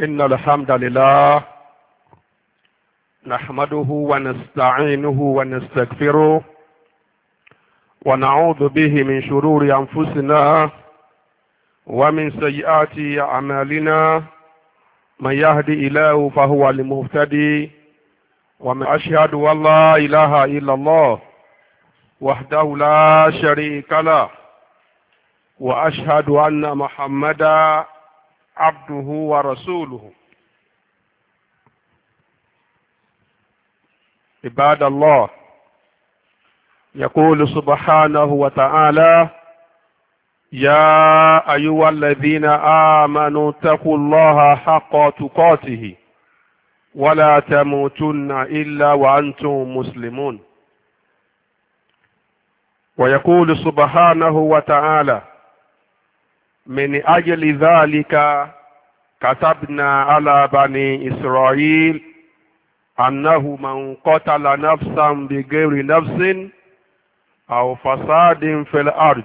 إن الحمد لله نحمده ونستعينه ونستغفره ونعوذ به من شرور أنفسنا ومن سيئات أعمالنا من يهدي إله فهو المهتدي ومن أشهد أن لا إله إلا الله وحده لا شريك له وأشهد أن محمدا abduhu ورسوله. rasuluhu. عباد الله يقول سبحانه وتعالى يا أيها الذين آمنوا اتقوا الله حق تقاته ولا تموتن إلا وأنتم مسلمون ويقول سبحانه وتعالى من أجل ذلك كتبنا على بني إسرائيل أنه من قتل نفسا بغير نفس أو فساد في الأرض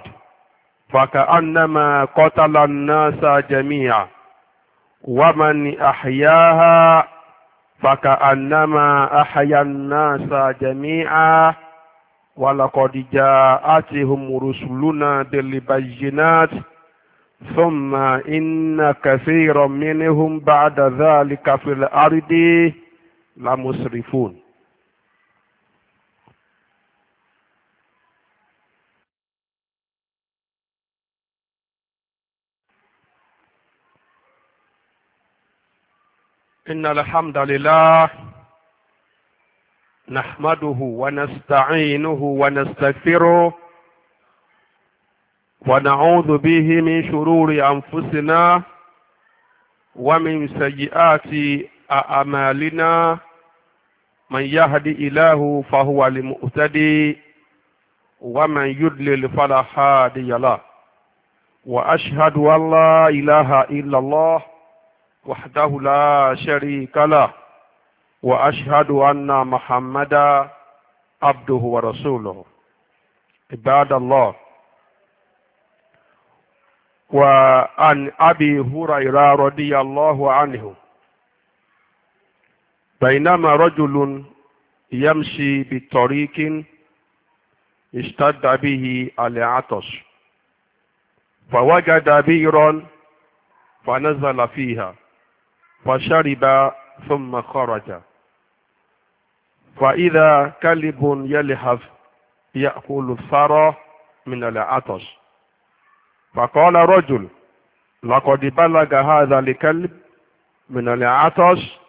فكأنما قتل الناس جميعا ومن أحياها فكأنما أحيا الناس جميعا ولقد جاءتهم رسلنا بالبينات ثم إن كثيرا منهم بعد ذلك في الأرض لمسرفون إن الحمد لله نحمده ونستعينه ونستغفره ونعوذ به من شرور أنفسنا ومن سيئات أعمالنا من يهدي إله فهو المؤتدي ومن يدلل فلا هادي له وأشهد أن لا إله إلا الله وحده لا شريك له وأشهد أن محمدا عبده ورسوله عباد الله وعن أبي هريرة رضي الله عنه بينما رجل يمشي بطريق اشتد به العطش فوجد بئرا فنزل فيها فشرب ثم خرج فإذا كلب يلهث يأكل الثرى من العطش فقال رجل لقد بلغ هذا الكلب من العطش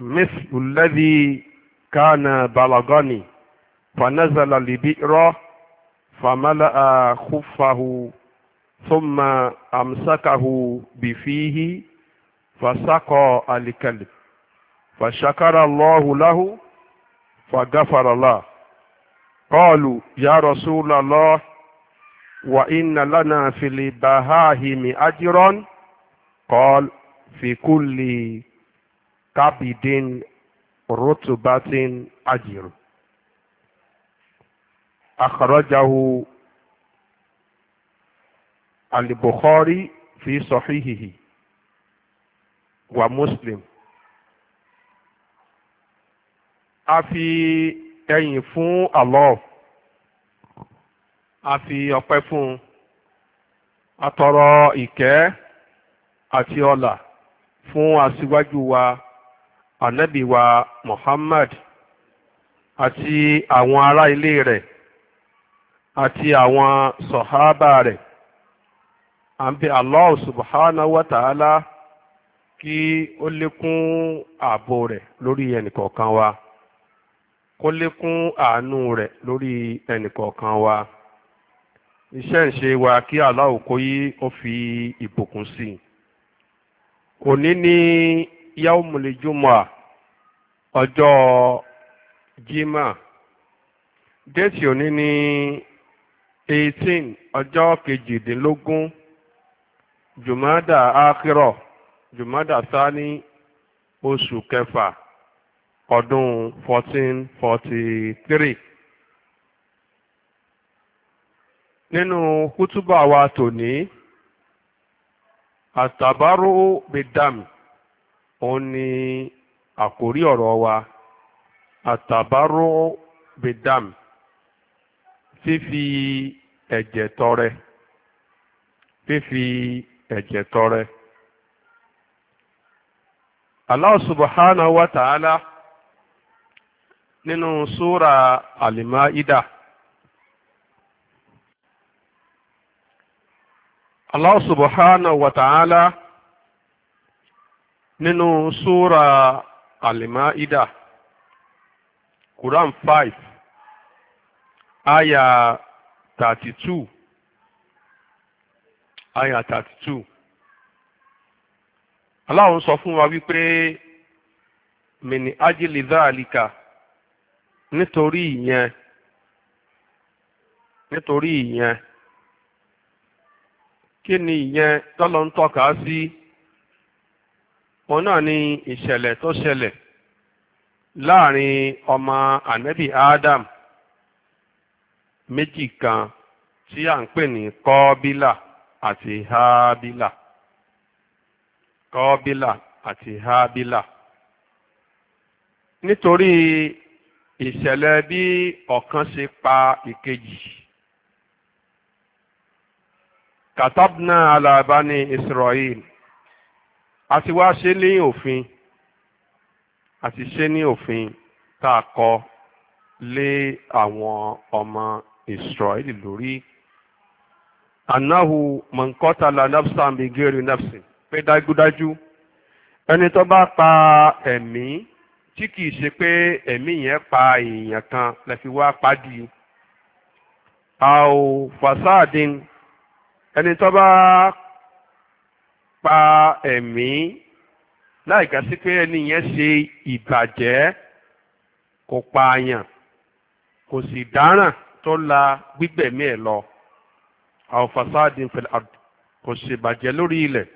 مثل الذي كان بلغني فنزل لبئره فملأ خفه ثم أمسكه بفيه فسقى الكلب فشكر الله له فغفر له قالوا يا رسول الله وإن لنا في البهائم أجرا قال في كل كبد رتبة أجر أخرجه البخاري في صحيحه ومسلم a fi ẹ̀yìn fún Allah a fi ọpẹ́ fún un atọrọ ìkẹ́ àti ọlà fún aṣíwájú wa ànábì wa Muhammad àti àwọn ará ilé rẹ̀ àti àwọn sọ̀hábà rẹ̀ à Allah subhanahu wa ta'ala kí ó lékún ààbò rẹ̀ lórí ẹnìkọ̀ọ̀kan wa kó lékún àánú rẹ̀ lórí ẹnìkọ̀ọ̀kan wa. iṣẹ́ ìṣe wa kí aláwọ̀ kó yí ó fi ìbùkún sí i òní ní yaumul jumu'a ọjọ́ jimá déètì òní ní eighteen ọjọ́ kejìdínlógún jùmọ́dà ákírọ̀ jùmọ́dà sani oṣù kẹfà ọdún fourteen forty three. nínú kútúbà wa tòní àtàbárò bidam òun ni àkórí ọ̀rọ̀ wa àtàbárò bidam fífi ẹ̀jẹ̀ tọrẹ fífi ẹ̀jẹ̀ tọrẹ. Allah subhanahu nínú súra Allah subhanahu wa ta'ala nínú súra Al-Ma'idah Quran 5 aya 32 aya 32 Allah ń sọ fún wa wípé mini ajili dhalika nítorí ìyẹn nítorí ìyẹn kí ni ìyẹn tọ́lọ́ ń tọ́ka sí òun náà ni ìṣẹ̀lẹ̀ tó ṣẹlẹ̀ láàrin ọmọ ànẹ́bì Adam méjì kan tí à ń pè ní kọ́bílà àti hábílà kọ́bílà àti hábílà nítorí ìṣẹ̀lẹ̀ bí ọ̀kan ṣe pa ìkejì. katabna alabani israel àti wá ṣe ní òfin àti ṣe ní òfin tá a kọ lé àwọn ọmọ israel lórí anahu mọ̀nkọ́tàlá nafsan bigeri nafsin pé dájúdájú ẹni tó bá pa ẹ̀mí tí kìí ṣe pé ẹ̀mí yẹn pa èèyàn kan lẹ́fi wá pàdé. àò fasadin ẹni tó bá pa ẹ̀mí láì gà sí pé ẹni yẹn ṣe ìbàjẹ́ kò pààyàn kò sì dáràn tó la gbígbẹ̀mí ẹ̀ lọ àwọn fasadi ard kò sì bàjẹ́ lórí ilẹ̀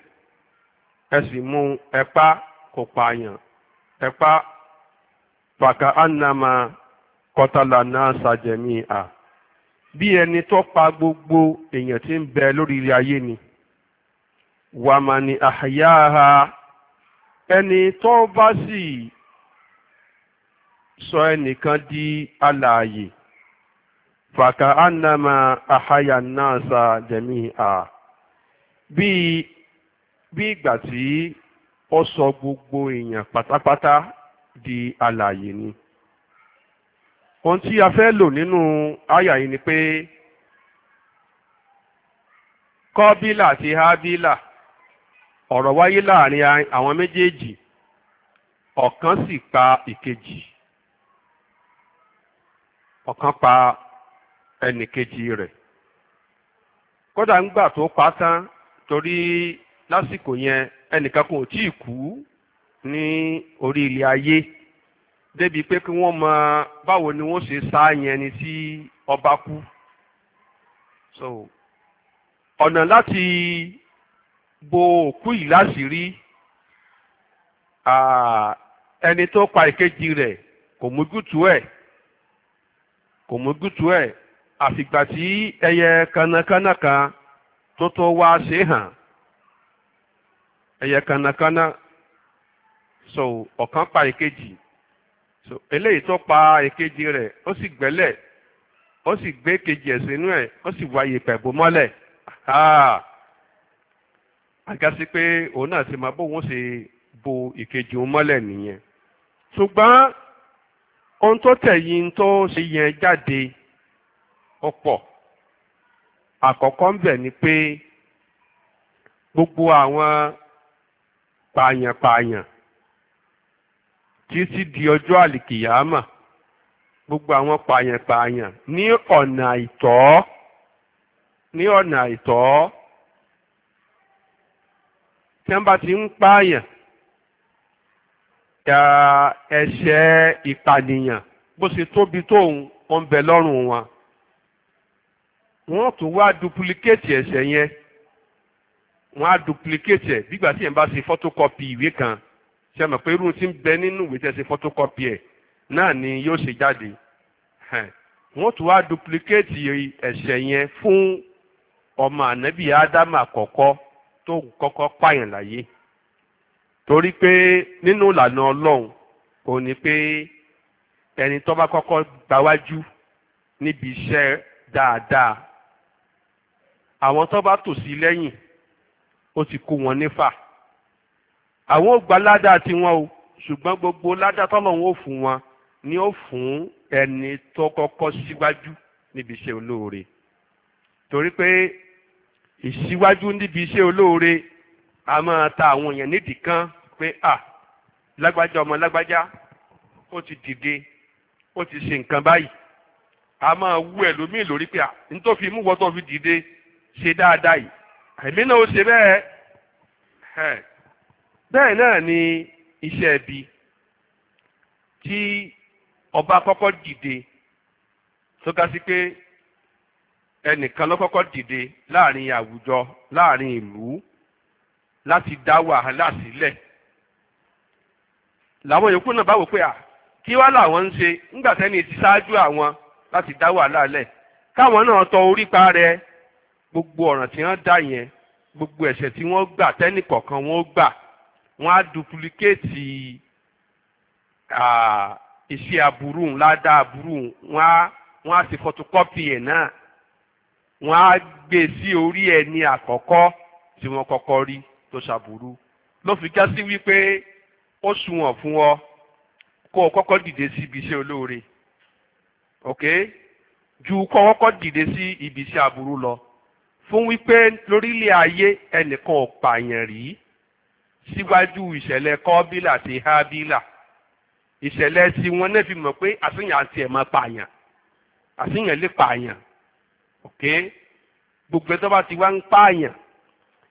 ẹ sì mú ẹ̀pá kò pààyàn ẹ̀pá fàkà ànàmà kọtàlà náà sàjẹ̀mí à. bí ẹni tó pa gbogbo èèyàn tí ń bẹ lórí ilé ayé ni wàmàní àhàyáha ẹni tó bá sì sọ ẹnìkan di alààyè fàkà ánàmà àhàyà náà sa jẹ̀mí à bí bí ìgbà tí ó sọ gbogbo èèyàn pátápátá di alààyè ni. ohun tí a fẹ́ lò nínú àyà yìí ni pé kọ́bílà àti hábílà ọ̀rọ̀ wáyé láàrin àwọn méjèèjì ọ̀kan sì pa ìkejì ọ̀kan pa ẹnìkejì rẹ̀ kódà ńgbà tó pa tán torí lásìkò yẹn ẹnìkan kò tíì kú ní orí ilé ayé. débi pé kí wọ́n mọ báwo ni wọ́n ṣe sáàyàn ẹni tí ọba kú so ọ̀nà láti bo òkú yìí láṣìírí ẹni tó pa ìkejì rẹ̀ kò mójútó ẹ̀ kò mójútó ẹ̀ àfìgbà tí ẹyẹ kanakana kan tó tó wá ṣe hàn ẹyẹ kanakana so ọ̀kan pa ìkejì so eléyìí tó pa èkejì rẹ̀ ó sì gbẹ́lẹ̀ ó sì gbé kejì ẹ̀ sínú ẹ̀ ó sì wá yèèpẹ̀ bò mọ́lẹ̀ àgásí pé òun náà ti máa bóun ṣe bo ìkejì òun mọ́lẹ̀ nìyẹn ṣùgbọ́n ohun tó tẹ̀yìn tó ṣe yẹn jáde ọ̀pọ̀ àkọ́kọ́ ń bẹ̀ ni pé gbogbo àwọn pààyàn pààyàn títí di ọjọ́ àlìkìyàmà gbogbo àwọn pààyàn-pààyàn ní ọ̀nà àìtọ́ ní ọ̀nà àìtọ́ tí wọ́n bá ti ń pààyàn ya ẹ̀ṣẹ̀ ìpànìyàn bó ṣe tóbi tóun ó ń bẹ lọ́rùn wọn wọ́n tún wá duplikéètì ẹ̀ṣẹ̀ yẹn wọ́n á duplikéètì ẹ̀ bí ìgbà tí yẹn bá ṣe fọ́tókọ́pì ìwé kan ṣe mọ̀ pé irú ti ń bẹ nínú ìwé tẹ̀sí photocopy ẹ̀ náà ni yóò ṣe jáde wọ́n tún wá duplicate ẹ̀ṣẹ̀ yẹn fún ọmọ ànábì ádámù àkọ́kọ́ tó kọ́kọ́ pààyàn láyé torí pé nínú ìlànà ọlọ́run kò ní pé ẹni tó bá kọ́kọ́ gbáwájú níbi iṣẹ́ dáadáa àwọn tó bá tò sí lẹ́yìn ó ti kó wọn nífà àwọn ò gba ládàá tiwọn o ṣùgbọ́n gbogbo ládàá tọ́lọ́run ó fún wọn ni ó fún ẹni tó kọ́kọ́ síwájú níbi iṣẹ́ olóore torí pé ìṣíwájú níbi iṣẹ́ olóore a máa ta àwọn èèyàn nídìí kan pé à lágbájá ọmọ lágbájá ó ti dìde ó ti ṣe nǹkan báyìí a máa wú ẹlòmíì lórí pé à ní tó fi mú wọ́n tó fi dìde ṣe dáadáa yìí èmi ó ṣe bẹ́ẹ̀ bẹ́ẹ̀ náà ni iṣẹ́ ibi tí ọba kọ́kọ́ dìde tó ga sí pé ẹnìkan ló kọ́kọ́ dìde láàrin àwùjọ láàrin ìlú láti dá wàhálà sílẹ̀ làwọn yòókù náà bá wò pé à kí wá làwọn ń ṣe nígbà tẹ́ni ti ṣáájú àwọn láti dá wàhálà lẹ̀ káwọn náà tọ orí pa gbogbo ọ̀ràn tí wọ́n dá yẹn gbogbo ẹ̀ṣẹ̀ tí wọ́n gbà tẹ́nì kọ̀ọ̀kan wọ́n gbà wọ́n á dupulikéètì iṣẹ́ aburú ládàá aburú wọ́n á wọ́n á sì fọtokọ́pì ẹ̀ náà wọ́n á gbé sí orí ẹni àkọ́kọ́ tí wọ́n kọ́kọ́ rí tó ṣàbùrú ló fi já sí wípé ó sunwọ̀n fún ọ kó o kọ́kọ́ dìde sí ibi olóore ok ju kọ́ kọ́kọ́ dìde sí ibi aburú lọ fún wípé lórílẹ̀ ayé ẹnìkan ò pààyàn rí síwájú ìṣẹ̀lẹ̀ kọ́bílà àti hábílà ìṣẹ̀lẹ̀ tí wọ́n náà fi mọ̀ pé àṣìyàn àti ẹ̀ máa pààyàn àṣìyàn lè pààyàn ok gbogbo ẹ̀tọ́ bá ti wá ń pààyàn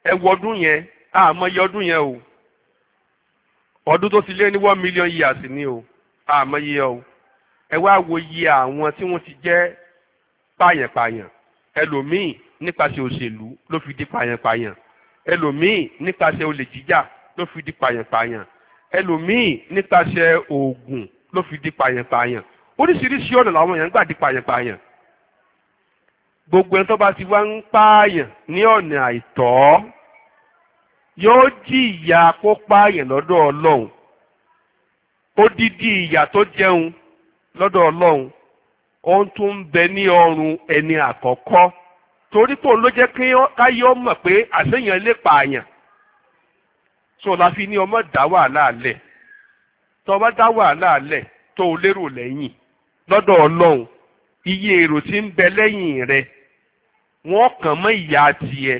ẹ wọ ọdún yẹn àmọye ọdún yẹn o ọdún tó ti lé ní one million years ni o àmọye o ẹ wá wo iye àwọn tí wọ́n ti jẹ́ pààyàn-pààyàn ẹlòmíì nípasẹ̀ òṣèlú ló fi di pààyàn-pààyàn ẹlòmíì nípasẹ̀ olè jíjà ló fi di pààyàn-pààyàn ẹlòmíì nípasẹ̀ oògùn ló fi di pààyàn-pààyàn oríṣiríṣi ọ̀nà làwọn èèyàn gbà di pààyàn-pààyàn gbogbo ẹni tó bá ti wá ń pààyàn ní ọ̀nà àìtọ́ yóò jìyà kó pààyàn lọ́dọ̀ ọlọ́run odidi ìyà tó jẹun lọ́dọ̀ ọlọ́run ohun tó ń bẹ ní ọrùn ẹni àkọ́kọ́ torí pé òun ló jẹ́ káyọ̀ mọ̀ pé àṣeyàn lè pààyàn so la fi ní ọmọ dá wàhálà lẹ̀ tó ọmọ dá wàhálà lẹ̀ tó o lérò lẹ́yìn lọ́dọ̀ ọlọ́run iye èrò tí ń bẹ lẹ́yìn rẹ wọ́n kàn mọ́ ìyá tiẹ̀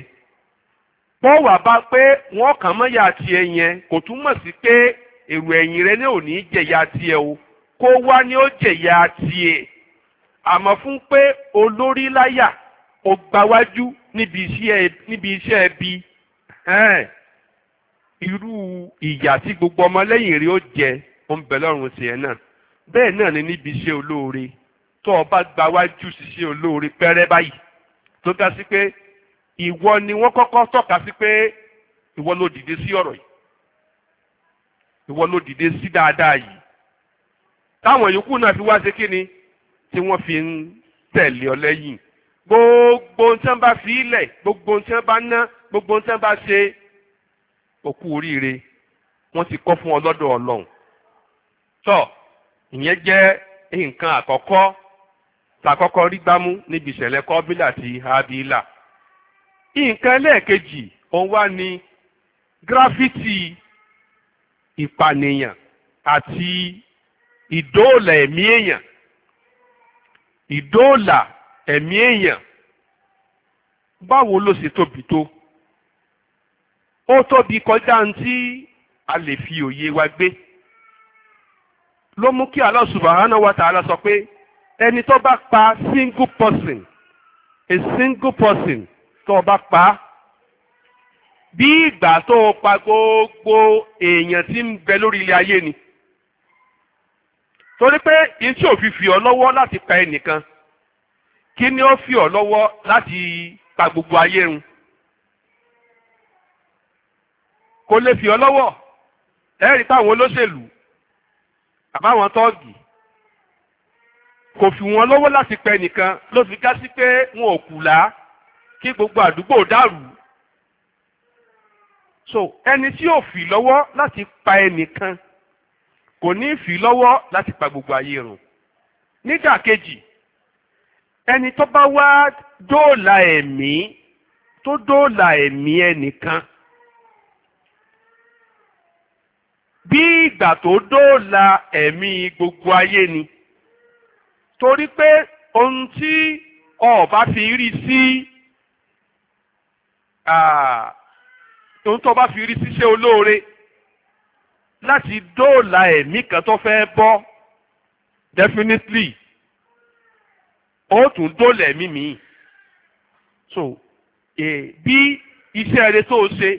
pọ́wà bá pé wọ́n kàn mọ́ ìyá tiẹ̀ yẹn kò túmọ̀ sí pé èrò ẹ̀yìn rẹ ní ò ní jẹ̀yà tiẹ̀ o kó wá ní ó jẹ̀yà tiẹ̀ àmọ́ fún pé olórí láyà ó gbáwájú níbi iṣẹ́ ẹbí. irú ìyà tí gbogbo ọmọlẹ́yìn rí ó jẹ ó ń bẹ lọ́rùn tiẹ̀ náà bẹ́ẹ̀ náà ni níbi iṣẹ́ olóore tó o bá gba wájú ṣiṣẹ́ olóore pẹ́rẹ́ báyìí tó ga sí pé ìwọ ni wọ́n kọ́kọ́ tọ́ka sí pé ìwọ ló dìde sí ọ̀rọ̀ yìí ìwọ ló dìde sí dáadáa yìí táwọn yòókù náà fi wá ṣe kí ni tí wọ́n fi ń tẹ̀lé ọ lẹ́yìn gbogbo ohun tí wọ́n bá fi ilẹ̀ gbogbo ohun tí wọ́n bá ná gbogbo ohun tí wọ́n bá ṣe òkú oríire wọ́n ti kọ́ fún ọ lọ́dọ̀ ọlọ́run tọ́ ìyẹn jẹ́ nǹkan àkọ́kọ́ tàkọ́kọ́ rí gbámú níbi ìṣẹ̀lẹ̀ kọ́bílà àti habila nǹkan ẹlẹ́ẹ̀kejì òun wá ní gíráfítì ìpànìyàn àti ìdóòlà ẹ̀mí èèyàn ìdóòlà ẹ̀mí èèyàn báwo ló ṣe tóbi tó. Bito ó tóbi kọjá ntí a lè fi òye wa gbé ló mú kí Allah subhanahu wa ta'ala sọ pé ẹni tó bá pa single person a single person tó bá pa bí ìgbà tó pa gbogbo èèyàn tí ń bẹ lórí ilé ayé ni torí pé iṣẹ́ òfin fi ọ lọ́wọ́ láti pa ẹnìkan kí ni ó fi ọ lọ́wọ́ láti pa gbogbo ayé run kò lè fi ọ lọ́wọ́ ẹ̀rí táwọn olóṣèlú àbáwọn tọ́ọ̀gì kò fi wọn lọ́wọ́ láti pẹ nìkan ló fi ká sí pé wọn ò kùlá kí gbogbo àdúgbò dàrú so ẹni tí ò fi lọ́wọ́ láti pa ẹnìkan kò ní fi lọ́wọ́ láti pa gbogbo ayé run nígbà kejì ẹni tó bá wá dóòlà ẹ̀mí tó dóòlà ẹ̀mí ẹnìkan. bí ìgbà tó dóòlà ẹ̀mí gbogbo ayé ni torí pé ohun tí ọba fi rí sí ohun tó bá fi rí síṣẹ́ olóore láti dóòlà ẹ̀mí kan tó fẹ́ bọ́ definitely ó tún dóòlà ẹ̀mí mi so eh, bí iṣẹ́ rẹ tó ṣe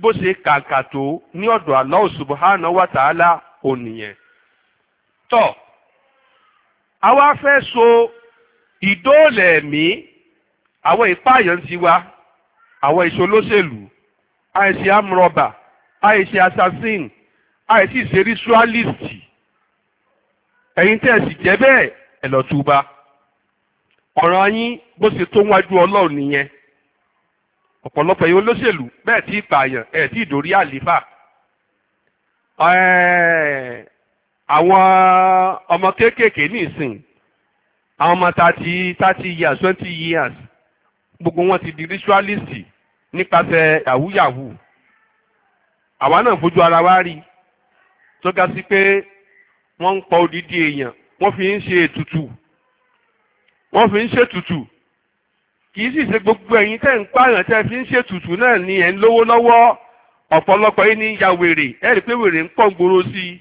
bó ṣe kàǹkà tó ní ọ̀dọ̀ Allah subhanahu wa ta'ala ònìyàn tọ́ àwa fẹ́ so ìdóòlẹ̀ ẹ̀mí àwọn ìpààyàn ti wa àwọn ìṣolóṣèlú àìsí amrọ̀bà àìsí assassin àìsí ìṣeríṣuálìsì ẹ̀yin tẹ́ sì jẹ́ bẹ́ẹ̀ ẹ̀ lọ́túba ọ̀ràn yín bó ṣe tó wájú ọlọ́run nìyẹn. ọ̀pọ̀lọpọ̀ yìí olóṣèlú bẹ́ẹ̀ tí pààyàn ẹ̀ tí ìdórí àlífà àwọn ọmọ kéékèèké nìsín àwọn ọmọ thirty thirty years twenty years gbogbo wọn ti di ritualist nípasẹ̀ yahoo yahoo àwa náà fojú ara wa rí tó ga sí pé wọ́n ń pọ̀ odidi èèyàn wọ́n fi ń ṣe ètùtù wọ́n fi ń ṣètùtù kì í sì ṣe gbogbo ẹ̀yin tẹ́ ń pààyàn tẹ́ fi ń tùtù náà ni ẹ̀ ọ̀pọ̀lọpọ̀ yìí ní ya wèrè ẹ̀ rí pé wèrè ń pọ̀ gbòòrò sí i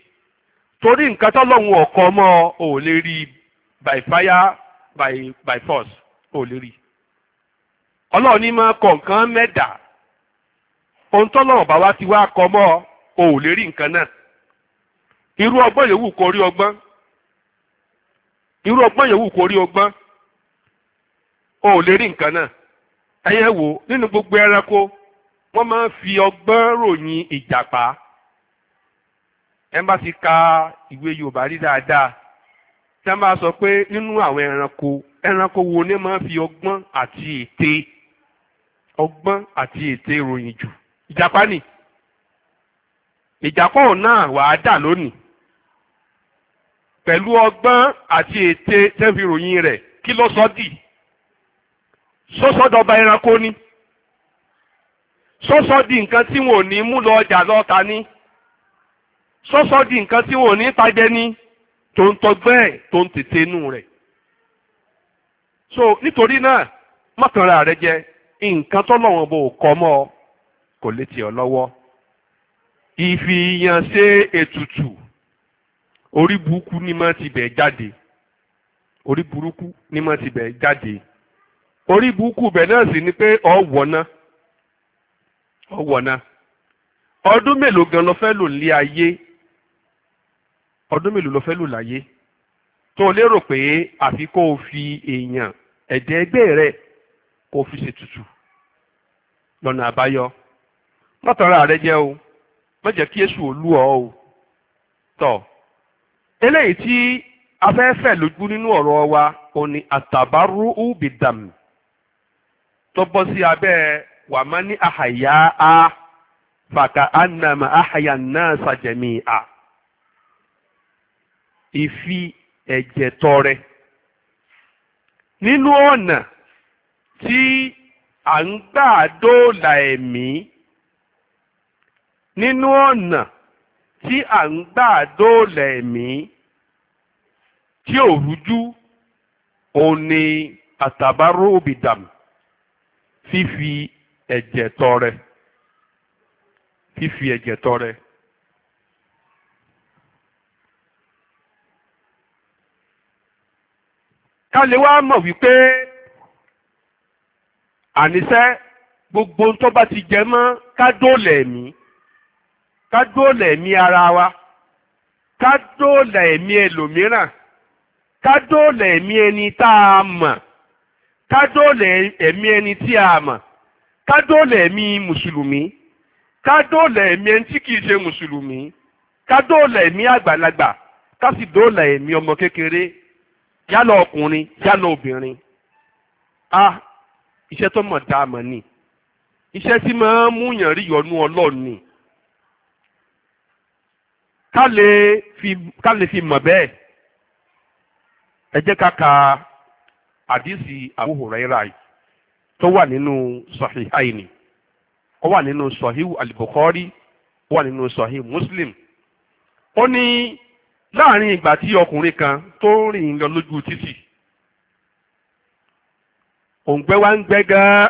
torí nǹkan tọ́lọ́hun ọ̀kọ́ mọ́ ò rí by fire by force ò lè rí ọlọ́run ní mẹ́dà ohun ti wá mọ́ ò lè o ò lè rí nǹkan náà ẹyẹ wò nínú gbogbo ẹranko wọn máa ń fi ọgbọn ròyìn ìjàpá ẹ bá ti ka ìwé Yorùbá rí dáadáa tí wọ́n bá sọ pé nínú àwọn ẹranko ẹranko wo ni máa ń fi ọgbọn àti ète ọgbọn àti ète ròyìn jù ìjàpá ni ìjàpá ò náà wàá dà lónìí pẹ̀lú ọgbọ́n àti ète tẹ́ fi ròyìn rẹ̀ kí ló sọ dì. sọ́sọ́dọ̀ba ẹranko ni sọ́sọ́ di nǹkan tí wọn ò ní mú lọ ọjà lọ́ta ni sọ́sọ́ di nǹkan tí wọn ò ní tajẹ ní tó ń tọgbẹ́ ẹ̀ tó ń tètè inú rẹ̀ so nítorí náà mọ́kànlá rẹ jẹ nǹkan tọ́lọ́wọ́n bò kọ́ mọ́ ọ kò lè tì ọ́ lọ́wọ́ ìfìyànṣe ètùtù orí burúkú ni mo ti bẹ̀ jáde orí burúkú ni mo ti bẹ̀ jáde orí burúkú bẹ̀ náà sì ni pé ọ̀ wọ̀nà ọ̀ wọ̀nà ọdún mélòó gan ló fẹ́ lò lé ayé ọdún mélòó ló fẹ́ lò láyé tó lérò pé àfi kó o fi èèyàn ẹ̀dẹ́ ẹgbẹ́ rẹ̀ kó o fi ṣètùtù lọ́nà àbáyọ mọ́tọ́ra rẹ jẹ́ o má jẹ́ kí èṣù olú ọ o tọ́ eléyìí tí afẹ́fẹ́ lójú nínú ọ̀rọ̀ wa òní àtàbárú ubidam tó bọ́ sí abẹ́ wàmání àhàyà á fàkà ánàmà àhàyà náà sàjẹ̀mí à ìfi ẹ̀jẹ̀ tọrẹ nínú ọ̀nà tí à ń gbà dóòlà ẹ̀mí nínú ọ̀nà tí à ń gbà dóòlà ẹ̀mí tí ò rújú àtàbárò òbí dàmù fífi ẹ̀jẹ̀ tọrẹ fífi ẹ̀jẹ̀ tọrẹ. ká lè wá mọ̀ wípé àníṣẹ́ gbogbo tó bá ti jẹ mọ́ ká dóòlà ẹ̀mí ká dóòlà ẹ̀mí ara wa ká dóòlà ẹ̀mí ẹlòmíràn ká dóòlà ẹ̀mí ẹni tá a mọ̀ ká dóòlẹ̀ ẹ̀mí ẹni tí a mọ̀ ká dóòlẹ̀ ẹ̀mí mùsùlùmí ká dóòlẹ̀ ẹ̀mí ẹni tí kìí ṣe mùsùlùmí ká dóòlẹ̀ ẹ̀mí àgbàlagbà ká sì dóòlẹ̀ ẹ̀mí ọmọ kékeré yálà ọkùnrin yálà obìnrin. a iṣẹ́ tó mọ̀ dáa mọ̀ ni iṣẹ́ tí máa ń múyàn rí yọnú ọlọ́run ni ká lè fi mọ̀ bẹ́ẹ̀ ẹ jẹ́ ká ka. àdìsí Abu Hurairah tó wà nínú Sahihaini ó wà nínú n'inu al-Bukhari ó wà nínú Sahihu Muslim ó ní láàrin ìgbà tí ọkùnrin kan tó rìn lọ lójú títì òǹgbẹ́ wa ń gbẹ́ gan-an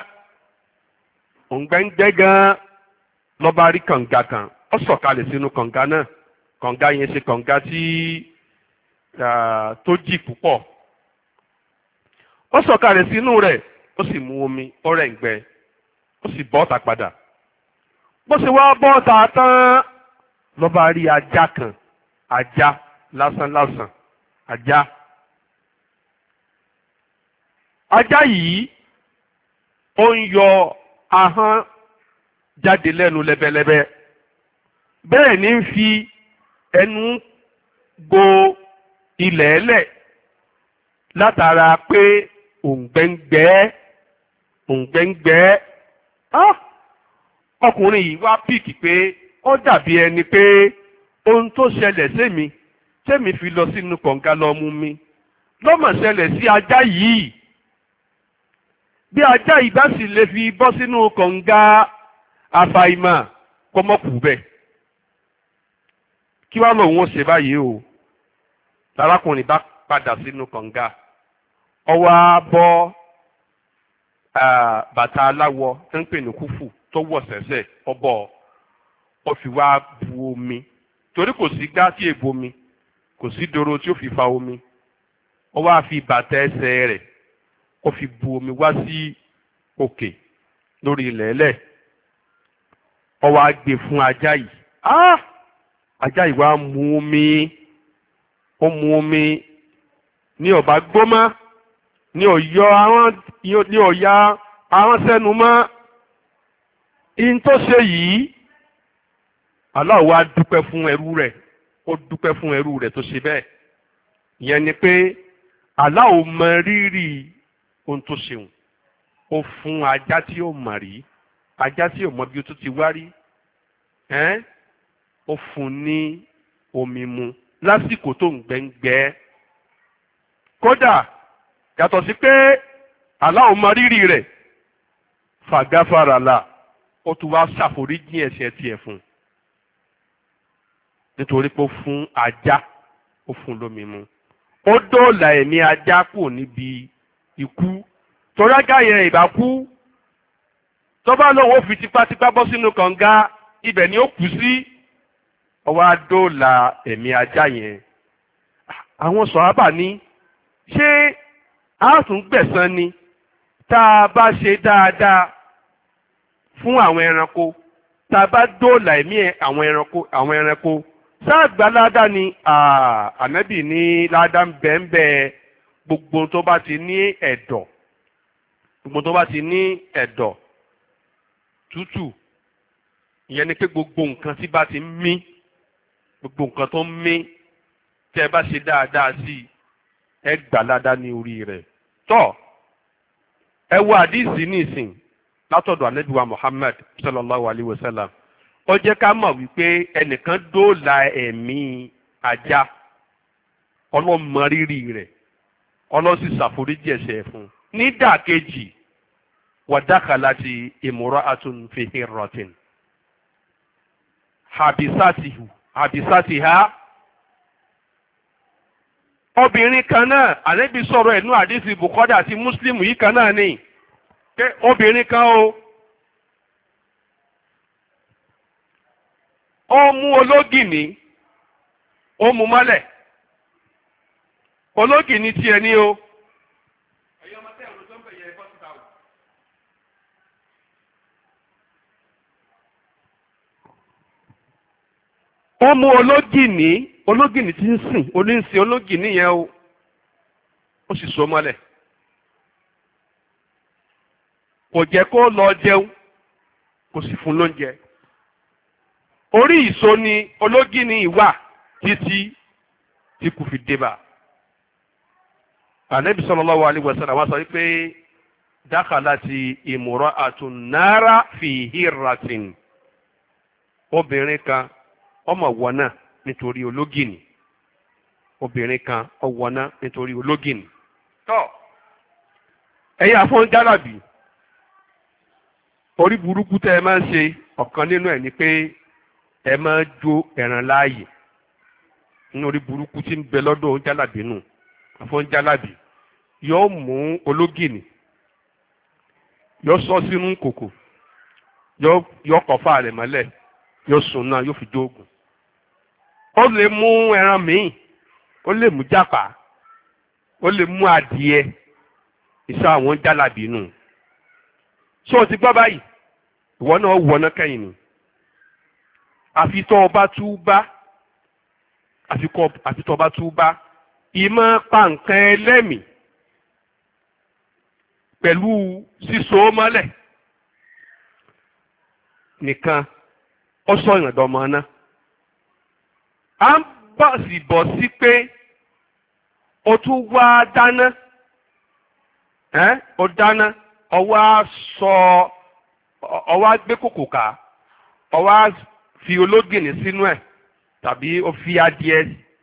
òǹgbẹ́ ń gbẹ́ gan-an lọ́ba rí kànga kan ó sọ̀kalẹ̀ sínú kànga náà kànga yẹn ṣe kànga tí tó jì púpọ̀ ó sọ̀kalẹ̀ sínú rẹ̀ ó sì mu omi ó rẹ̀ ń gbẹ ó sì bọ́ta padà bó ṣe wá bọ́ta tán ló bá rí ajá kan ajá lásánlásán ajá ajá yìí ó ń yọ ahọ́n jáde lẹ́nu lẹ́bẹ́lẹ́bẹ́ bẹ́ẹ̀ ni ń fi ẹnu gbo ilẹ̀ ẹlẹ̀ látara pé òǹgbẹ́ǹgbẹ́ òǹgbẹ́ǹgbẹ́ ah! ọkùnrin yìí wá píìkì pé ó dàbí ẹni pé ohun tó ṣẹlẹ̀ sẹ́mi sẹ́mi fi lọ sínú kànga lọ mú mi lọ́mọ̀ ṣẹlẹ̀ sí ajá yìí bí ajá yìí bá sì lè fi bọ́ sínú kànga àfàìmà kọ́mọ́kù bẹ́ẹ̀ kí wàá lòun ó ṣe báyìí o tarakùnrin bá padà sínú kànga ọwọ́ á bọ́ bàtà aláwọ̀ tó ń pè ní kúfù tó wọ̀ sẹ́sẹ̀ ọbọ̀ ó fi wá bu omi torí kò sí gá tí ègbò omi kò sí doro tí ó fi fa omi ó wá bàtà ẹsẹ̀ rẹ̀ ó fi bu omi wá sí òkè lórí ilẹ̀ẹ́lẹ̀ ó wá gbé fún ajá yìí ajá yìí wá mu omi ó mu omi ní ọba gbómá ni ò yọ ni ò ya ahọ́n sẹ́nu mọ́ in tó ṣe yìí Allah wá dúpẹ́ fún ẹrú rẹ̀ ó dúpẹ́ fún ẹrú rẹ̀ tó ṣe bẹ́ẹ̀ ìyẹn ni pé Allah mọ rírì ohun tó ṣeun ó fún ajá tí ó mọ̀ rí ajá tí ò mọ bí ó tún ti wá rí ẹ́n ó fún ní omi mu lásìkò tó ń gbẹ́ngbẹ́ kódà yàtọ̀ sí pé aláwo mọ rírì rẹ̀ fàgáfàràlà ó tún wá ṣàforíjì ẹ̀ṣẹ̀ tiẹ̀ fún un nítorí pé ó fún ajá ó fún lómi mu ó dóòlà ẹ̀mí ajá kù níbi ikú torí ajá yẹn ìbá kú tó bá fi tipátipá bọ́ sínú kànga ibẹ̀ ni ó kù sí ó wá dóòlà ẹ̀mí ajá yẹn àwọn sọ̀hábà ní ṣé a tún gbẹ̀san ni tá a bá ṣe dáadáa fún àwọn ẹranko tá a bá dóòlà ẹ̀mí àwọn ẹranko àwọn ẹranko sáàgbà ládá ni ànábì ní ládá ń bẹ́ẹ̀ ń bẹ́ẹ̀ gbogbo tó bá ti ní ẹ̀dọ̀ gbogbo tó bá ti ní ẹ̀dọ̀ tútù ìyẹn ni pé gbogbo nǹkan tí bá ti ń mí gbogbo nǹkan tó ń mí tẹ́ ẹ bá ṣe dáadáa sí i ẹ gbà ládá ní orí rẹ̀ tọ́ ẹ wo àdìsí nìsín látọ̀dọ̀ anẹ́dùwà Muhammad sallallahu alayhi wa sallam ó jẹ́ ká mọ̀ wípé ẹnìkan dóòlà ẹ̀mí ajá ọlọ́mọrírì rẹ̀ ọlọ́sì ṣàforíjì ẹ̀ṣẹ̀ fún nídàkejì wàdákàlá ti ìmúra àtúnfihìn rọ̀tìn habisatihu habisatiha. obìnrin kan náà ànábì sọ̀rọ̀ ẹ̀nú àdísì bùkọ́dà àti mùsùlùmù yìí kan náà ni pé obìnrin kan o ó mú ológìní ó mú mọ́lẹ̀ ológìní tiẹ̀ ni o. ó mú ológìní. ológìní ti ń sìn oníṣe ológìní yẹn o ó sì so mọ́lẹ̀ kò jẹ́ kó lọ jẹun kò sì fún lóúnjẹ orí ìso ni ológìní ìwà títí tí kò fi débà ànábì sallallahu alaihi wasallam wá sọ pé nara fi obìnrin kan ọmọ wọn náà nítorí ológìnì obìnrin kan ọwọ́ná nítorí ológìnì tọ́ ẹ̀yin àfọ́njálàbí orí burúkú tẹ́ ẹ máa ń ṣe ọ̀kan nínú ẹ̀ ni pé ẹ máa jó ẹran láàyè nínú orí burúkú tí ń bẹ lọ́dọ̀ oúnjálàbí nù àfọ́njálàbí yóò mú ológìnì yóò sọ sínú kòkò yóò kọ́ fáàrẹ̀ mọ́lẹ̀ yóò sùn náà yóò fi jó oògùn. ó lè mú ẹran míì ó lè mú jàpá ó lè mú adìẹ ìṣọ àwọn jálàbí nù ṣé o ti gbọ́ báyìí ìwọ náà wọná kẹ́yìn ni àfi tó o bá tú bá àfi tó o tú bá ìmọ̀ pa nǹkan pẹ̀lú síso mọ́lẹ̀ nìkan ó ìrìnàdọ́mọ náà à ń bọ̀ sí bọ̀ sí pé o tún wá dáná ẹ́ o dáná ọwọ́ á sọ ọwọ́ á gbé kòkò ká ọwọ́ á fi ológìnní sínú ẹ̀ tàbí o fi adìẹ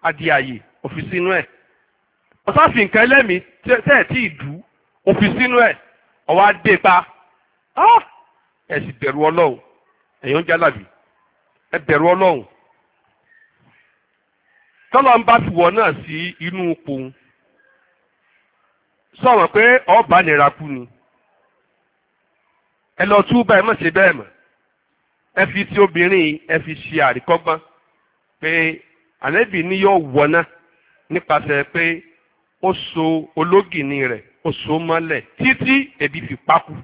adìẹ àyè o fi sínú ẹ̀ ọ̀sáfì nǹkan ẹlẹ́mìí tẹ́ ẹ̀ tí ì dùn o fi sínú ẹ̀ ọwọ́ á dé pa ah! ẹ̀ sì bẹ̀rù ọlọ́run ẹ̀yọ́ ń ẹ bẹ̀rù ọlọ́run tọ́lọ́ ń bá fi wọ̀ náà sí inú ipò sọ̀rọ̀ pé ọba nira kú ni ẹ lọ tú báyìí mọ̀ ṣe bẹ́ẹ̀ mọ̀ ẹ fi ti obìnrin ẹ fi ṣe àríkọ́gbọ́n pé àlẹ́bí ni yóò wọ̀ náà nípasẹ̀ pé ó so ológìní rẹ̀ ó so mọ́lẹ̀ títí ebi fi pákú.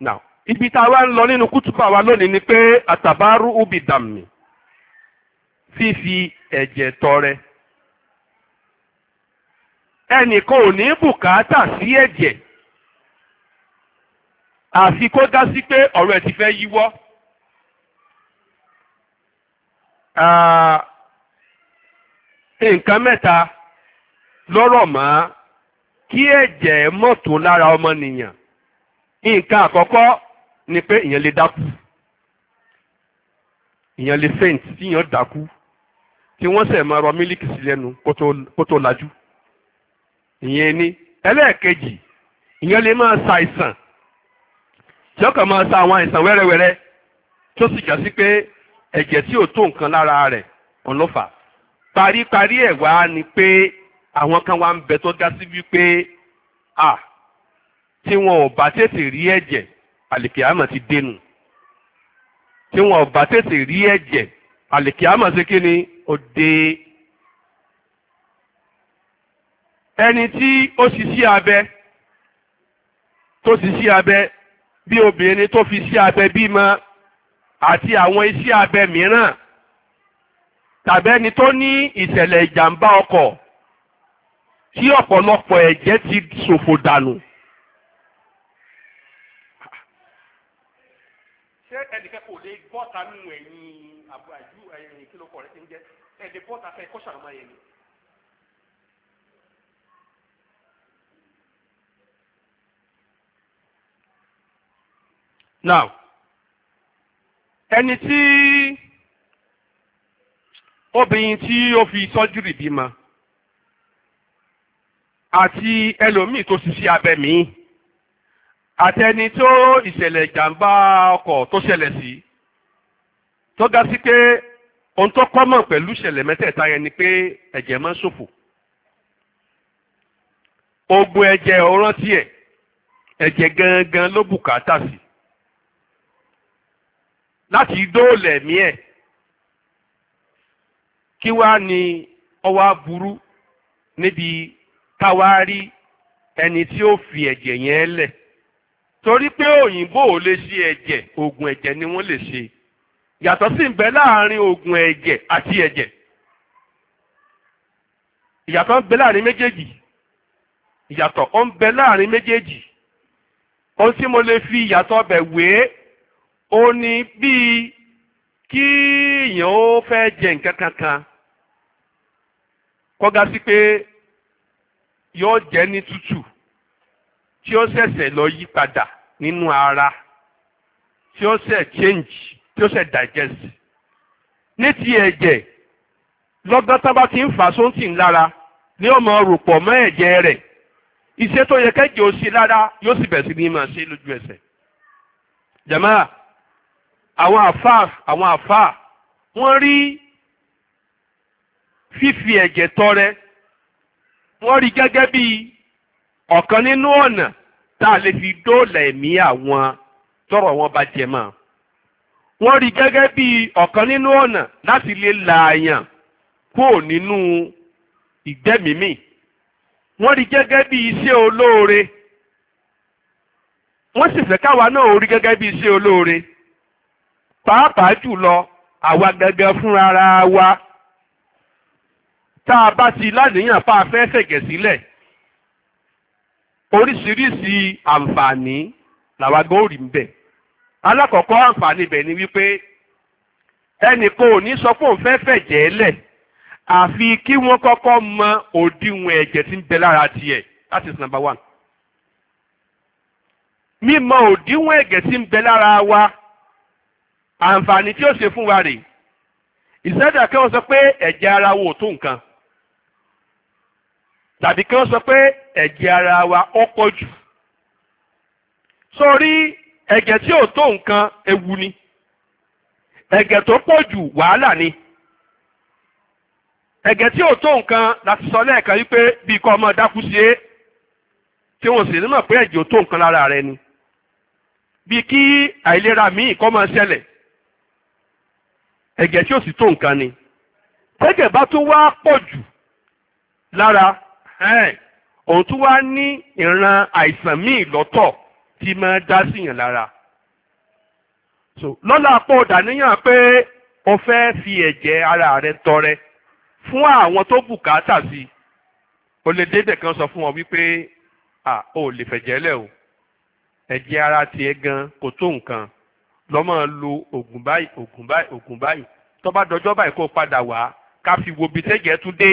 now ibi tá a wá ń lọ nínú kútùbà wa lónìí ni pé àtàbárú ubi dàmì fífi ẹ̀jẹ̀ tọrẹ ẹnìkan ò ní bùkátà sí ẹ̀jẹ̀ àfi kó dá sí pé ọ̀rọ̀ ẹ̀ ti fẹ́ yíwọ́ nǹkan mẹ́ta lọ́rọ̀ mọ́ kí ẹ̀jẹ̀ mọ́tò lára ọmọnìyàn nǹkan àkọ́kọ́ ni pé ìyẹn lè dákú ìyẹn lè faint tí ìyẹn dákú kí wọ́n sẹ̀ máa rọ mílíkì sí lẹ́nu kó tó lajú ìyẹn ni ẹlẹ́ẹ̀kejì ìyẹn lè máa sa àìsàn tí ó kàn máa sa àwọn àìsàn wẹ́rẹ́wẹ́rẹ́ tó sì jà sí pé ẹ̀jẹ̀ tí ò tó nǹkan lára rẹ̀ ọ̀nlọ́fà paríparí ẹ̀ wá ni pé àwọn kan wá ń bẹ tó dá sí wípé à tí wọn ò bá tètè rí ẹ̀jẹ̀ àlìkìyàmọ̀ ti dénú tí wọn ò bá tètè rí ẹ̀jẹ̀ àlìkìyàmọ̀ ṣe kí ni ó dé ẹni tí ó ṣiṣẹ́ abẹ tó ṣiṣẹ́ abẹ bí obìnrin tó fi ṣiṣẹ́ abẹ bímọ àti àwọn iṣẹ́ abẹ mìíràn tàbẹ́ni tó ní ìṣẹ̀lẹ̀ ìjàmbá ọkọ̀ tí ọ̀pọ̀lọpọ̀ ẹ̀jẹ̀ ti ṣòfò dànù. ṣé ẹnìkan kò lè bọ́ta nù ẹ̀yìn àbúrájú ẹ̀yìn kílókọ̀ rẹ̀ ń jẹ́ ẹ̀dẹ̀ bọ́ta fẹ́ kọ́ṣà ọmọ yẹn ni. now ẹni tí obìnrin tí ó fi sọ́jú rìbí ma àti ẹlòmíì tó ṣiṣẹ́ abẹ mi. àtẹni tó ìṣẹ̀lẹ̀ ìjàmbá ọkọ̀ tó ṣẹlẹ̀ sí tó ga sí pé ohun tó kọ́mọ̀ pẹ̀lú ìṣẹ̀lẹ̀ mẹ́tẹ̀ẹ̀ta yẹn ni pé ẹ̀jẹ̀ máa ń ṣòfò ogun ẹ̀jẹ̀ ọ̀rán tiẹ̀ ẹ̀jẹ̀ gangan ló bùkátà sí láti dóòlà ẹ̀mí ẹ̀ kí wá ni ọwá burú níbi táwa rí ẹni tí ó fi ẹ̀jẹ̀ yẹn lẹ̀. torí pé òyìnbó ò lè ṣe ẹ̀jẹ̀ oògùn ẹ̀jẹ̀ ni wọ́n lè ṣe yàtọ̀ sì ń bẹ láàrin oògùn ẹ̀jẹ̀ àti ẹ̀jẹ̀ ìyàtọ̀ ń bẹ láàrin méjèèjì ìyàtọ̀ ó ń bẹ láàrin méjèèjì ohun tí mo lè fi ìyàtọ̀ ọbẹ̀ wéé ó ní bíi kí èèyàn ó fẹ́ jẹ nǹkan kankan kọ́gá sí pé yóò jẹ́ ní tútù tí ó ṣẹ̀ṣẹ̀ lọ yí padà nínú ara tí ó ṣe change tí ó ṣe digest ní ti ẹ̀jẹ̀ lọ́gán tá bá ti ń fà sóńtì ńlára ní ọmọ rùpọ̀ mọ́ ẹ̀jẹ̀ rẹ̀ iṣẹ́ tó yẹ kẹ́jẹ́ ó sí lára yóò sì bẹ̀rẹ̀ sí ní máa ṣe lójú ẹsẹ̀ jàmáà àwọn àfáà àwọn àfáà wọ́n rí fífi ẹ̀jẹ̀ tọrẹ wọ́n rí gẹ́gẹ́ bí ọ̀kan nínú ọ̀nà tá a lè fi dóòlà ẹ̀mí àwọn tọrọ wọn bá jẹ mọ́ wọ́n rí gẹ́gẹ́ bí ọ̀kan nínú ọ̀nà láti lè la àyàn kúrò nínú ìgbẹ́mímì wọ́n rí gẹ́gẹ́ bí iṣẹ́ olóore wọ́n sì fẹ́ káwa náà rí gẹ́gẹ́ bí iṣẹ́ olóore pàápàá jùlọ àwa gẹ́gẹ́ fúnra wa tá a bá ti láníyàn pa afẹ́fẹ̀gẹ̀ sílẹ̀ oríṣiríṣi àǹfààní làwa gbọ́ rí ń bẹ̀ alákọ̀ọ́kọ́ àǹfààní ibẹ̀ ni wípé ẹnì kan ò ní sọ pé òun fẹ́ fẹ̀jẹ̀ lẹ̀ àfi kí wọ́n kọ́kọ́ mọ òdiwọ̀n ẹ̀jẹ̀ tí ń bẹ lára tiẹ̀ that is number one mímọ òdiwọ̀n ẹ̀jẹ̀ tí ń bẹ lára wa àǹfààní tí ó ṣe fún wa rèé ìṣẹ́jà kí wọ́n sọ pé ẹ̀jẹ̀ ara wo tó nǹkan tàbí kí wọ́n sọ pé ẹ̀jẹ̀ ara wa ó pọ̀ jù sórí ẹ̀jẹ̀ tí ò tó nǹkan ewu ni ẹ̀jẹ̀ tó pọ̀ jù wàhálà ni ẹ̀jẹ̀ tí ò tó nǹkan láti sọ lẹ́ẹ̀kan wípé bíi kọ́ ọmọ dákú sí é e, tí wọ́n sì ní mọ̀ pé ẹ̀jẹ̀ ò tó nǹkan lára rẹ ni bíi kí àìlera míì kọ́ máa ṣẹlẹ̀ ẹ̀jẹ̀ tí ò sì tó nǹkan ni tẹ́jẹ̀ bá tún wá pọ̀ jù lára òun tún wá ní ìran àìsàn míì lọ́tọ̀ tí máa dá síyàn lára so lọ́la pọ̀ dàníyàn pé o fẹ́ fi ẹ̀jẹ̀ ara rẹ tọrẹ fún àwọn tó bùkátà sí o lè débẹ̀ kan sọ fún wọn wípé à o lè fẹ̀jẹ̀ lẹ̀ o ẹ̀jẹ̀ ara tiẹ̀ gan kò tó nǹkan lọ́ máa lo oògùn báyìí oògùn báyìí oògùn báyìí tó dọjọ́ báyìí kó o padà wá ká fi wo bí tẹ́jẹ̀ tún dé.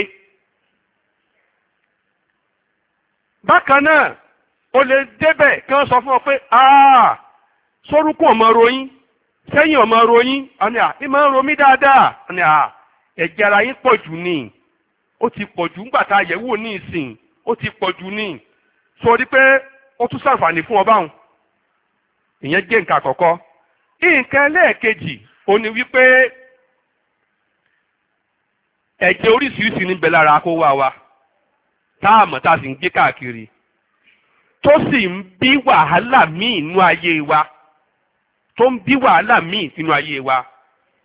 bákan náà o lè débẹ̀ kí wọ́n sọ fún ọ pé aaa sórúkún ọmọ ròyìn sẹ́yìn ọmọ ròyìn àní à ẹ máa ń romí dáadáa àní à ẹ̀jẹ̀ ara yín pọ̀ jù ni ó ti pọ̀ jù ńgbà tá a yẹ̀ wò ní ìsìn ó ti pọ̀ jù ni sọ di pé ó tún ṣàǹfààní fún ọba òun ìyẹn jẹ́ nǹkan àkọ́kọ́ nǹkan ẹlẹ́ẹ̀kejì ó ní wípé ẹ̀jẹ̀ oríṣiríṣi níbẹ̀ lára kó wá wa. wa tá a mọ̀ tá a sì ń gbé káàkiri tó sì ń bí wàhálà míì nínú ayé wa tó ń bí wàhálà míì nínú ayé wa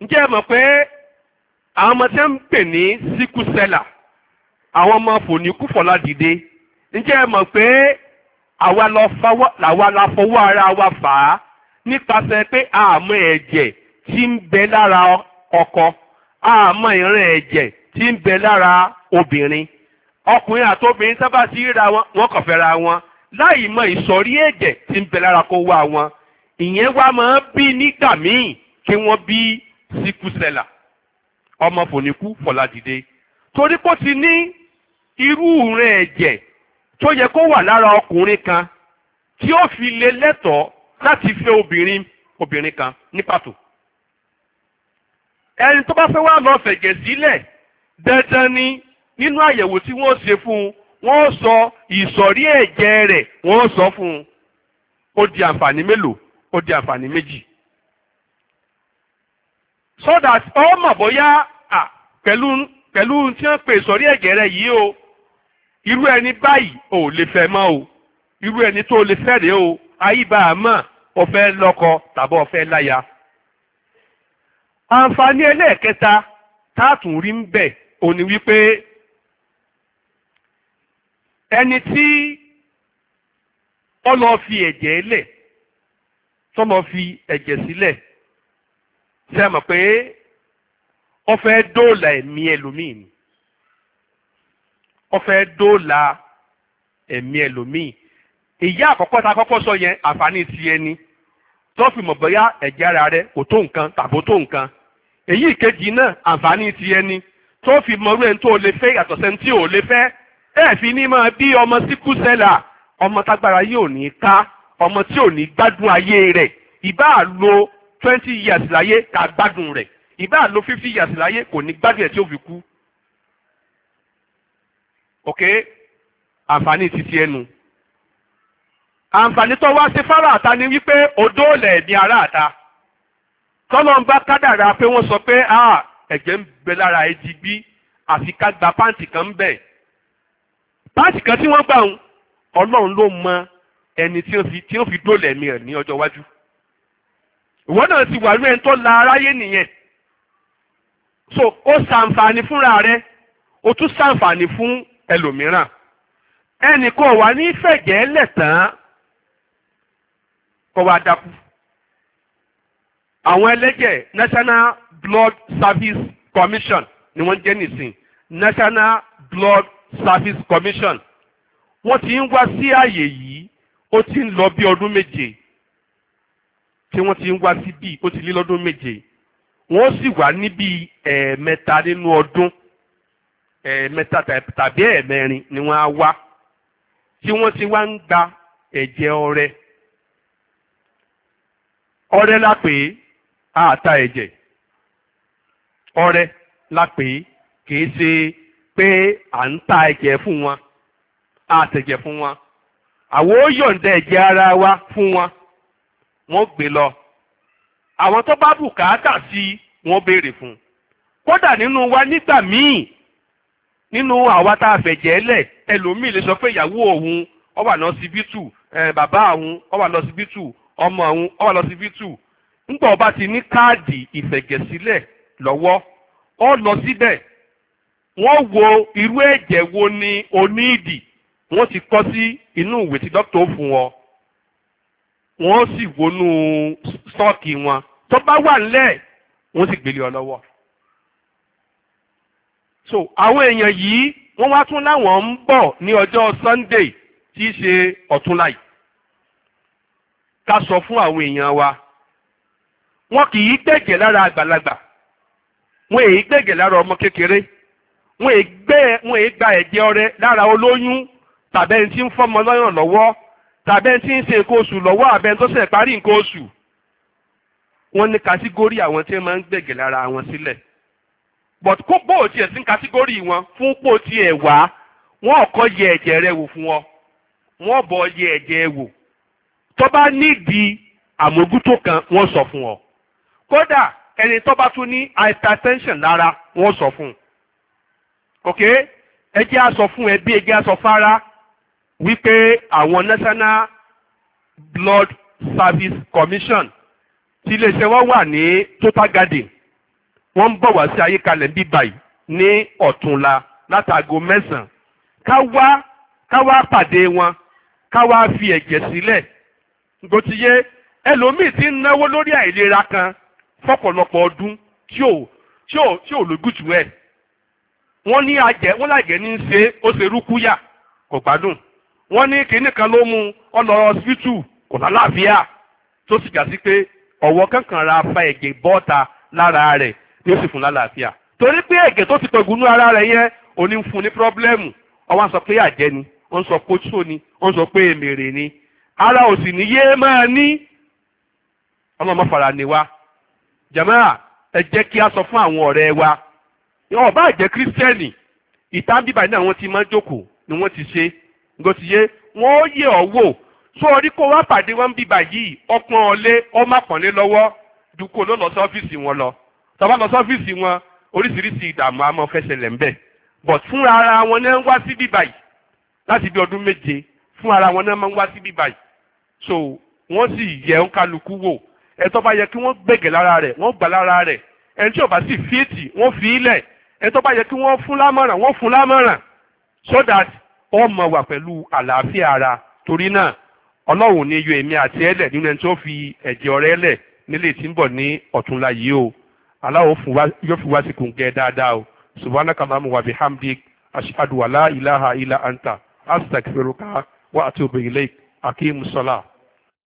ǹjẹ́ ẹ mọ̀ pé àwọn ọmọ tí wọ́n ń pè ní síkúsẹ́là àwọn ọmọ fòníkúfọ̀lá dìde ǹjẹ́ ẹ mọ̀ pé àwa la fọwọ́ ara wa fà á nípasẹ̀ pé àmọ́ ẹ̀jẹ̀ tí ń bẹ lára ọkọ àmọ́ ìran ẹ̀jẹ̀ tí ń bẹ lára obìnrin. ọkùnrin àtobìnrin sábà sí ra wọn wọn kàn fẹ́ra wọn láì mọ ìsọ̀rí ẹ̀jẹ̀ tí ń bẹ lára kó wá wọn ìyẹn wá máa ń bí nígbà míì kí wọ́n bí síkúsẹ̀là ọmọ fòníkú fọ̀ládìde torí kó ti ní irú rẹ̀ ẹ̀jẹ̀ tó yẹ kó wà lára ọkùnrin kan tí ó fi lè lẹ́tọ̀ọ́ láti fẹ́ obìnrin obìnrin kan ní pàtó ẹni tó bá fẹ́ wá lọ fẹ̀jẹ̀ sílẹ̀ dandan ni nínú àyẹ̀wò tí wọ́n ṣe fún un wọ́n sọ ìsọ̀rí ẹ̀jẹ̀ rẹ̀ wọ́n sọ fún un ó di àǹfààní mélòó ó di àǹfààní méjì so that ọmọ bóyá pẹ̀lú pẹ̀lú tí wọ́n pè sọ̀rí ẹ̀jẹ̀ rẹ̀ yìí o irú ẹni báyìí ò lè fẹ́ mọ́ o irú ẹni tó lè fẹ́ rèé o àyíbá àmọ́ ọ̀fẹ́ lọ́kọ tàbí ọ̀fẹ́ láya. àǹfààní ẹlẹ́ẹ̀kẹta táàtùn rí ń bẹ̀ òní wípé ẹni tí ó lọ fi ẹ̀jẹ̀ lẹ̀ tó lọ fi ẹ̀jẹ̀ sílẹ̀ ṣe mọ̀ pé ó fẹ́ dóòlà ẹ̀mí ẹlòmíì ni ó fẹ́ dóòlà ẹ̀mí ẹlòmíì ìyá àkọ́kọ́ ta kọ́kọ́ sọ yẹn àǹfààní ti ẹni tó fi mọ̀ bóyá ẹ̀jẹ̀ ara rẹ kò tó nǹkan tàbó tó nǹkan èyí ìkejì náà àǹfààní ti ẹni tó fi mọ̀rú ẹni tó lè fẹ́ yàtọ̀ sẹ́ni tí ò lè fẹ́ ẹ fi ní máa bí ọmọ síkú sẹ́là ọmọ tágbára yóò ní ká ọmọ tí ò ní gbádùn ayé rẹ̀ ìbá lo twenty years láyé ká gbádùn rẹ̀ ìbá lo fifty years láyé kò ní gbádùn ẹ̀ tí ó fi kú. ok àǹfààní títí ẹnu àǹfààní tó wá sí fáráàta ni wípé odó lẹ̀ ní aráàta tọ́lọ́n bá kádàrá pé wọ́n sọ pé ah, ẹ̀jẹ̀ ń bẹ lára ẹ di bí àfi ká gba pàǹtì kan bẹ́ẹ̀ pàtì kan tí wọ́n gbà ń ọlọ́run ló mọ ẹni tí ó fi tí ó fi dólẹ̀ mi ẹ̀ ní ọjọ́ iwájú ìwọ náà ti wà ní tó la aráyé nìyẹn so ó ṣàǹfààní fúnra rẹ ó tún ṣàǹfààní fún ẹlòmíràn ẹnì kan wà ní fẹ̀jẹ̀ lẹ̀tàn kó wá dákú àwọn ẹlẹ́jẹ̀ National Blood Service Commission ni wọ́n jẹ́ nìsín National Blood Service Commission wọ́n ti ń wá sí àyè yìí ó ti ń lọ bí ọdún méje tí wọ́n ti ń wá sí bíi ó ti lé lọ́dún méje wọ́n sì wà níbi ẹ̀ẹ̀mẹ́ta nínú ọdún ẹ̀ẹ̀mẹ́ta tàbí ẹ̀ẹ̀mẹ́rin ni wọ́n á wá tí wọ́n ti wá ń gba ẹ̀jẹ̀ ọrẹ ọrẹ la pè ẹ̀jẹ̀ ọrẹ la pè é kì pé à ń ta ẹ̀jẹ̀ fún wọn a tẹ̀jẹ̀ fún wọn àwọn ó yọ̀ǹda ẹ̀jẹ̀ ara wa fún wọn wọ́n gbé lọ àwọn tó bá bùkátà sí wọ́n béèrè fún kódà nínú wa nígbà míì nínú àwa tá a fẹ̀jẹ̀ lẹ̀ ẹlòmíì lè sọ pé ìyàwó òun ó wà lọ́sibítù bàbá òun ó wà lọ́sibítù ọmọ òun ó wà lọ́sibítù ńgbà ó bá ti ní káàdì ìfẹ̀jẹ̀sílẹ̀ lọ́wọ́ lo lọ síbẹ̀ wọ́n wo irú ẹ̀jẹ̀ wo ni o níìdì wọ́n ti kọ sí inú ìwé tí dókítà ó fún ọ wọ́n sì wọnú stọ́ọ̀kì wọn tó bá wà nílẹ̀ wọ́n sì gbélé ọ lọ́wọ́. so àwọn èèyàn yìí wọ́n wá tún láwọn ń bọ̀ ní ọjọ́ Sunday tí í ṣe ọ̀túnla yìí ká sọ fún àwọn èèyàn wa wọ́n kì í gbẹ̀jẹ̀ lára àgbàlagbà wọ́n èyí gbẹ̀jẹ̀ lára ọmọ kékeré wọn ègbẹ́ wọn ègbà ẹ̀jẹ̀ ọrẹ lára olóyún tàbí ẹni tí ń fọmọ lọ́yàn lọ́wọ́ tàbí ẹni tí ń ṣe nǹkan oṣù lọ́wọ́ àbẹ́ni tó ṣẹ̀ parí nǹkan oṣù wọ́n ní kàtígórì àwọn tí máa ń gbẹ̀gẹ̀ lára wọn sílẹ̀ but kó bó o tiẹ̀ sí kàtígórì wọn fún pò tiẹ̀ wá wọ́n ọ̀kọ́ yẹ ẹ̀jẹ̀ rẹ wò fún ọ wọ́n bọ̀ yẹ ẹ̀jẹ̀ wò tó bá nídìí àmójútó kan wọ́n sọ fún ọ kódà ẹni tó bá tún ní hypertension lára wọ́n sọ fún un ok ẹ jẹ́ a sọ fún ẹbí ẹ jẹ́ a fara wípé àwọn National Blood Service Commission tí iléeṣẹ́ wọn wà ní Total Garden wọ́n ń bọ̀ wá sí ayékalẹ̀ bíbá yìí ní ọ̀túnla látàgo mẹ́sàn-án ká wá ká wá pàdé wọn ká wá fi ẹ̀jẹ̀ sílẹ̀ gbòtíyé ẹlòmíì ti ń náwó lórí àìlera kan fọ́pọ̀lọpọ̀ ọdún tí ò tí ò tí ò lójútùú ẹ̀ wọ́n ní àjẹ́ wọ́n lájẹ́ ní í ṣe ó ṣe rúkúyà kò gbádùn wọ́n ní kinní kan ló mú ọlọ́rọ̀ síìtù kò lálàáfíà tó sì jà sí pé ọ̀wọ́ kankan ra fa ẹ̀jẹ̀ bọ́ta lára rẹ̀ ni ó sì fún lálàáfíà torí pé ẹ̀jẹ̀ tó ti pẹ̀gùnú ara rẹ̀ yẹn ò ní fún ní pírọ́blẹ́mù ọwọ́n sọ pé àjẹ́ ni wọ́n sọ pé oṣó ni wọ́n sọ pé èmèrè ni ara ò sì ní yé máa ní ọlọ́mọ fara ni wa jàmáà ẹ jẹ́ kí a sọ fún àwọn ọ̀rẹ́ wa wọn bá jẹ́ kírísítẹ́nì ìta bíbá ní àwọn tí máa ń jókòó ni wọ́n ti ṣe nǹkan ti yé wọ́n ó yẹ ọ́ wò tó orí kó wá pàdé wọn bíbá yìí ọpọ́n ọlé ọmọ àpọ̀nlé lọ́wọ́ dùkú ló lọ sí ọ́fíìsì wọn lọ tọ́ba lọ sí ọ́fíìsì wọn oríṣiríṣi ìdààmú àmọ́ fẹsẹ̀lẹ̀ ń bẹ̀ but fúnra ara wọn náà ń wá sí bíbá yìí láti bí ọdún méje fún ara wọn náà máa ń wá sí bíbá yìí so wọ́n sì yẹ ń kálukú wò ẹ̀ tọ́ba yẹ kí wọ́n gbẹ̀gẹ̀ lára rẹ̀ wọ́n gbà lára rẹ̀ ẹni tí ò bá sì fíìtì wọ́n fi í lẹ̀ ẹni tó bá yẹ kí wọ́n fún lámọ̀ràn wọ́n fún lámọ̀ràn so that ọmọ wà pẹ̀lú àlàáfíà ara torí náà ọlọ́run ní yọ èmi àti ẹlẹ̀ nínú ẹni tó fi ẹ̀jẹ̀ ọ̀rẹ́ lẹ̀ nílé tí ń bọ̀ ní ọ̀túnla yìí o aláwo yóò fi wá sí kùnkẹ́ dáadáa o subhanaka Allahumma wa bihamdik ashhadu wa la ilaha illa anta astaghfiruka wa atubu ilayk aqimus salah.